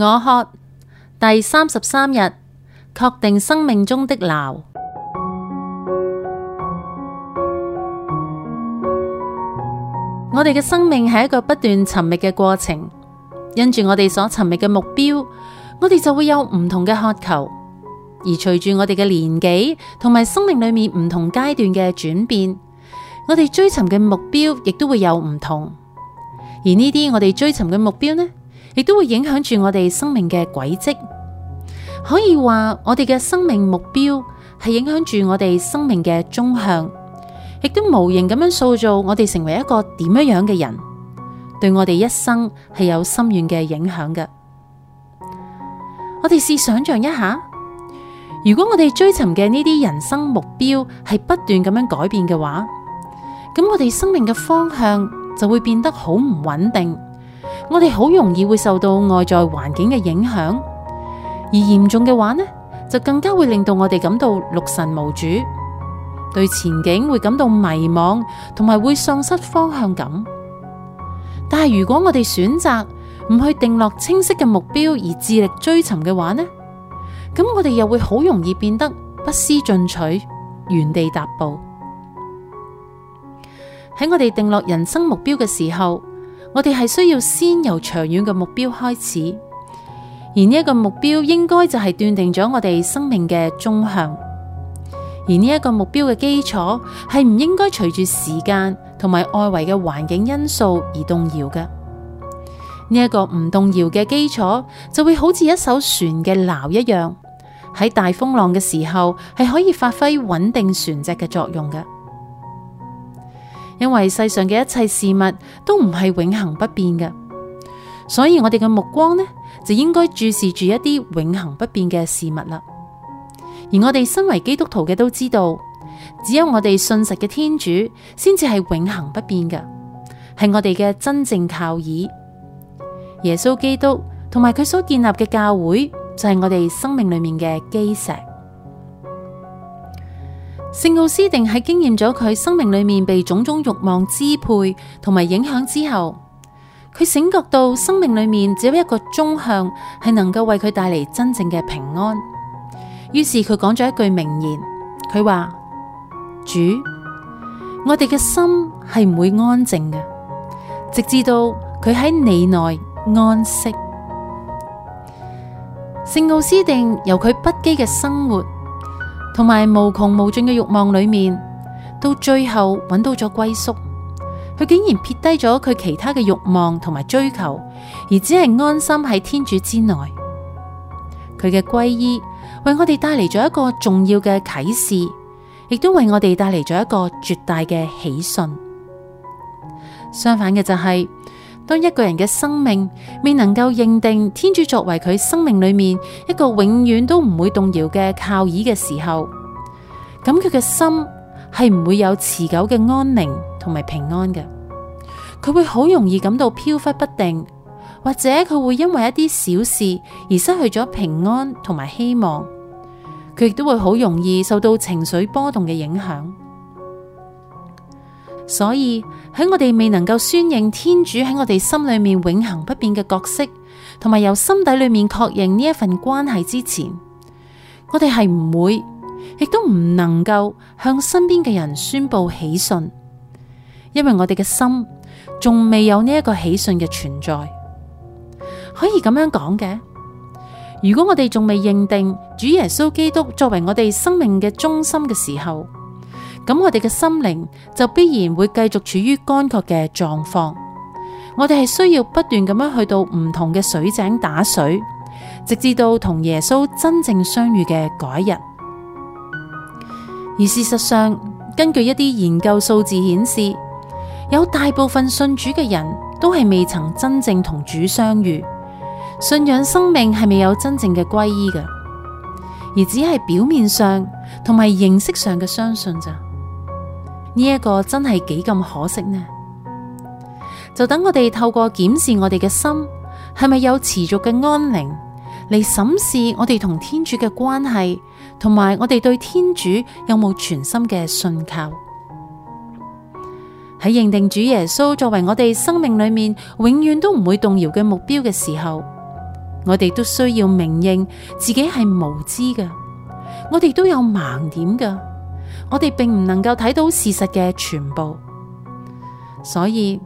我渴第三十三日，確定生命中的錨。 我哋嘅生命係一個不斷尋覓嘅過程，因住我哋所尋覓嘅目標，我哋就會有唔同嘅渴求。而隨住我哋嘅年紀同埋生命裏面唔同階段嘅轉變，我哋追尋嘅目標亦都會有唔同。而呢啲我哋追尋嘅目標呢，亦都會影響住我哋生命嘅軌跡，可以話我哋嘅生命目標係影響住我哋生命嘅終向，亦都無形咁樣塑造我哋成為一個點樣樣嘅人，對我哋一生係有深遠嘅影響嘅。我哋試想象一下，如果我哋追尋嘅呢啲人生目標係不斷咁樣改變嘅話，咁我哋生命嘅方向就會變得好唔穩定。我哋好容易會受到外在環境嘅影響，而嚴重嘅話呢，就更加會令到我哋感到六神無主，對前景會感到迷惘，同埋會喪失方向感。但係如果我哋選擇唔去定落清晰嘅目標而致力追尋嘅話呢，咁我哋又會好容易變得不思進取，原地踏步。喺我哋定落人生目標嘅時候，我哋係需要先由長遠嘅目標開始，而呢一個目標應該就係斷定咗我哋生命嘅終向，而呢一個目標嘅基礎係唔應該隨住時間同埋外圍嘅環境因素而動搖嘅。呢、這、一個唔動搖嘅基礎，就會好似一艘船嘅錨一樣，喺大風浪嘅時候係可以發揮穩定船隻嘅作用嘅。因為世上嘅一切事物都唔係永恒不變嘅，所以我哋嘅目光呢就應該注視住一啲永恒不變嘅事物啦。而我哋身為基督徒嘅都知道，只有我哋信實嘅天主先至係永恒不變嘅，係我哋嘅真正靠倚。耶穌基督同埋佢所建立嘅教會就係我哋生命裏面嘅基石。聖奧斯定喺經驗咗佢生命裏面被種種慾望支配同埋影響之後，佢醒覺到生命裏面只有一個終向係能夠為佢帶嚟真正嘅平安。於是佢講咗一句名言，佢話：主，我哋嘅心係唔會安靜嘅，直至到佢喺你內安息。聖奧斯定由佢不羈嘅生活，同埋無窮無盡嘅慾望裏面，到最後揾到咗歸宿，佢竟然撇低咗佢其他嘅慾望同埋追求，而只係安心喺天主之內。佢嘅皈依為我哋帶嚟咗一個重要嘅啟示，亦都為我哋帶嚟咗一個絕大嘅喜訊。相反嘅就係、是。當一個人嘅生命未能夠認定天主作為佢生命裏面一個永遠都唔會動搖嘅靠倚嘅時候，咁佢嘅心係唔會有持久嘅安寧同埋平安嘅，佢會好容易感到飄忽不定，或者佢會因為一啲小事而失去咗平安同埋希望，佢亦都會好容易受到情緒波動嘅影響。所以喺我哋未能夠宣認天主喺我哋心裏面永恆不變嘅角色，同埋由心底裏面確認呢一份關係之前，我哋係唔會，亦都唔能夠向身邊嘅人宣布喜訊，因為我哋嘅心仲未有呢一個喜訊嘅存在。可以咁樣講嘅，如果我哋仲未認定主耶穌基督作為我哋生命嘅中心嘅時候，咁我哋嘅心靈就必然會繼續處於乾涸嘅狀況。我哋係需要不斷咁樣去到唔同嘅水井打水，直至到同耶穌真正相遇嘅改日。而事實上，根據一啲研究數字顯示，有大部分信主嘅人都係未曾真正同主相遇，信仰生命係未有真正嘅皈依嘅，而只係表面上同埋形式上嘅相信咋？呢一個真係幾咁可惜呢？就等我哋透過檢視我哋嘅心，係咪有持續嘅安寧，嚟審視我哋同天主嘅關係，同埋我哋對天主有冇全心嘅信靠。喺認定主耶穌作為我哋生命裏面永遠都唔會動搖嘅目標嘅時候，我哋都需要明認自己係無知嘅，我哋都有盲點嘅。我哋並唔能夠睇到事實嘅全部，所以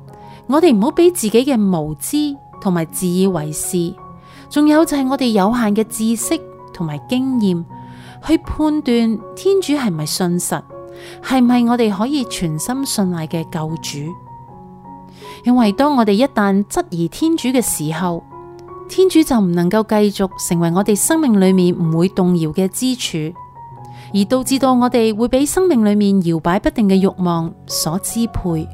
我哋唔好俾自己嘅無知同埋自以為是，仲有就係我哋有限嘅知識同埋經驗去判斷天主係唔係信實，係唔係我哋可以全心信賴嘅救主？因為當我哋一旦質疑天主嘅時候，天主就唔能夠繼續成為我哋生命裏面唔會動搖嘅支柱。而導致到我哋會俾生命裏面搖擺不定嘅慾望所支配。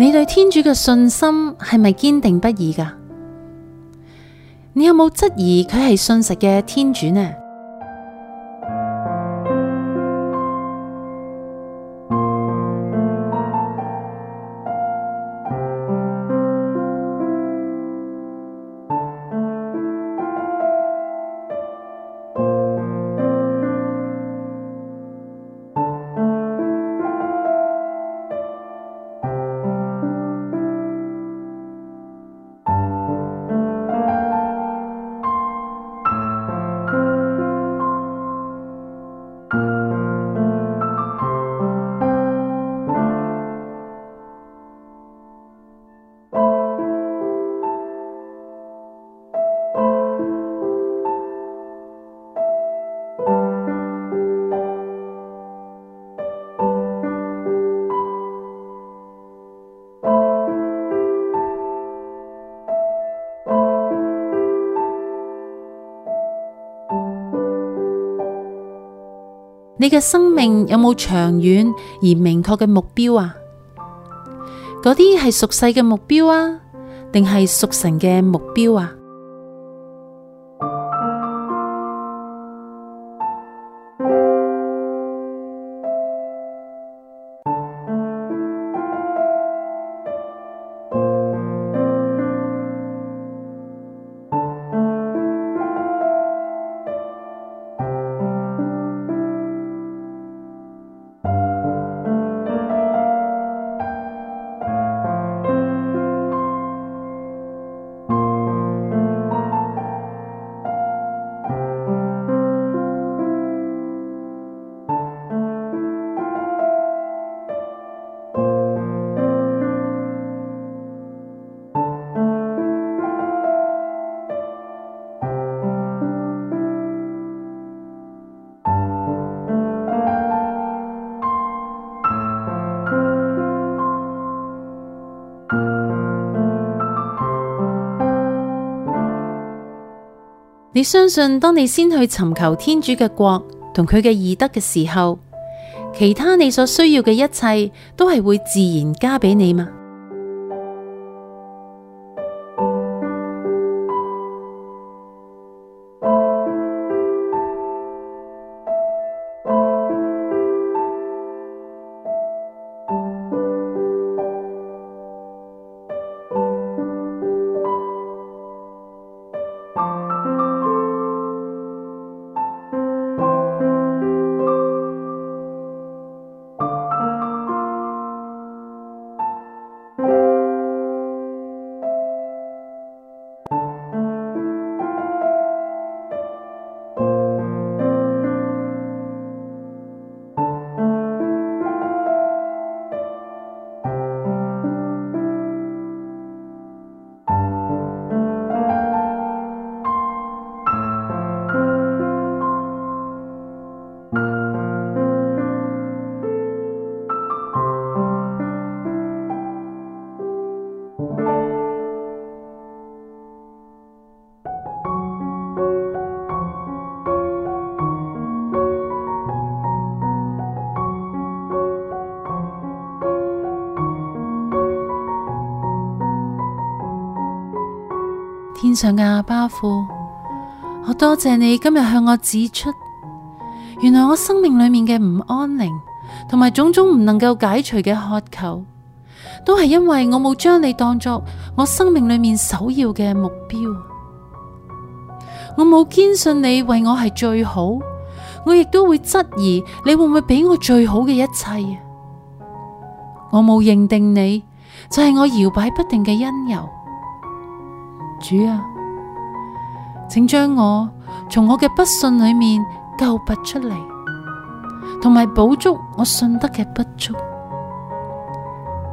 你對天主嘅信心係咪堅定不移㗎？你有冇質疑佢係信實嘅天主呢？你嘅生命有冇長遠而明確嘅目標啊？嗰啲係屬世嘅目標啊，定係屬神嘅目標啊？你相信，當你先去尋求天主嘅國同佢嘅義德嘅時候，其他你所需要嘅一切都係會自然加畀你嗎？天上嘅阿爸父，我多謝你今日向我指出，原來我生命裏面嘅唔安寧，同埋種種唔能夠解除嘅渴求，都係因為我冇將你當作我生命裏面首要嘅目標。我冇堅信你為我係最好，我亦都會質疑你會唔會俾我最好嘅一切。我冇認定你就係、是、我搖擺不定嘅因由。主啊，請將我從我嘅不信裏面救拔出嚟，同埋補足我信德嘅不足。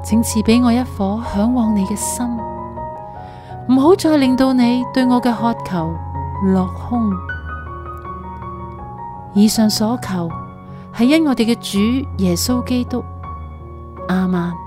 請賜俾我一顆嚮往你嘅心，唔好再令到你對我嘅渴求落空。以上所求係因我哋嘅主耶穌基督。亞孟。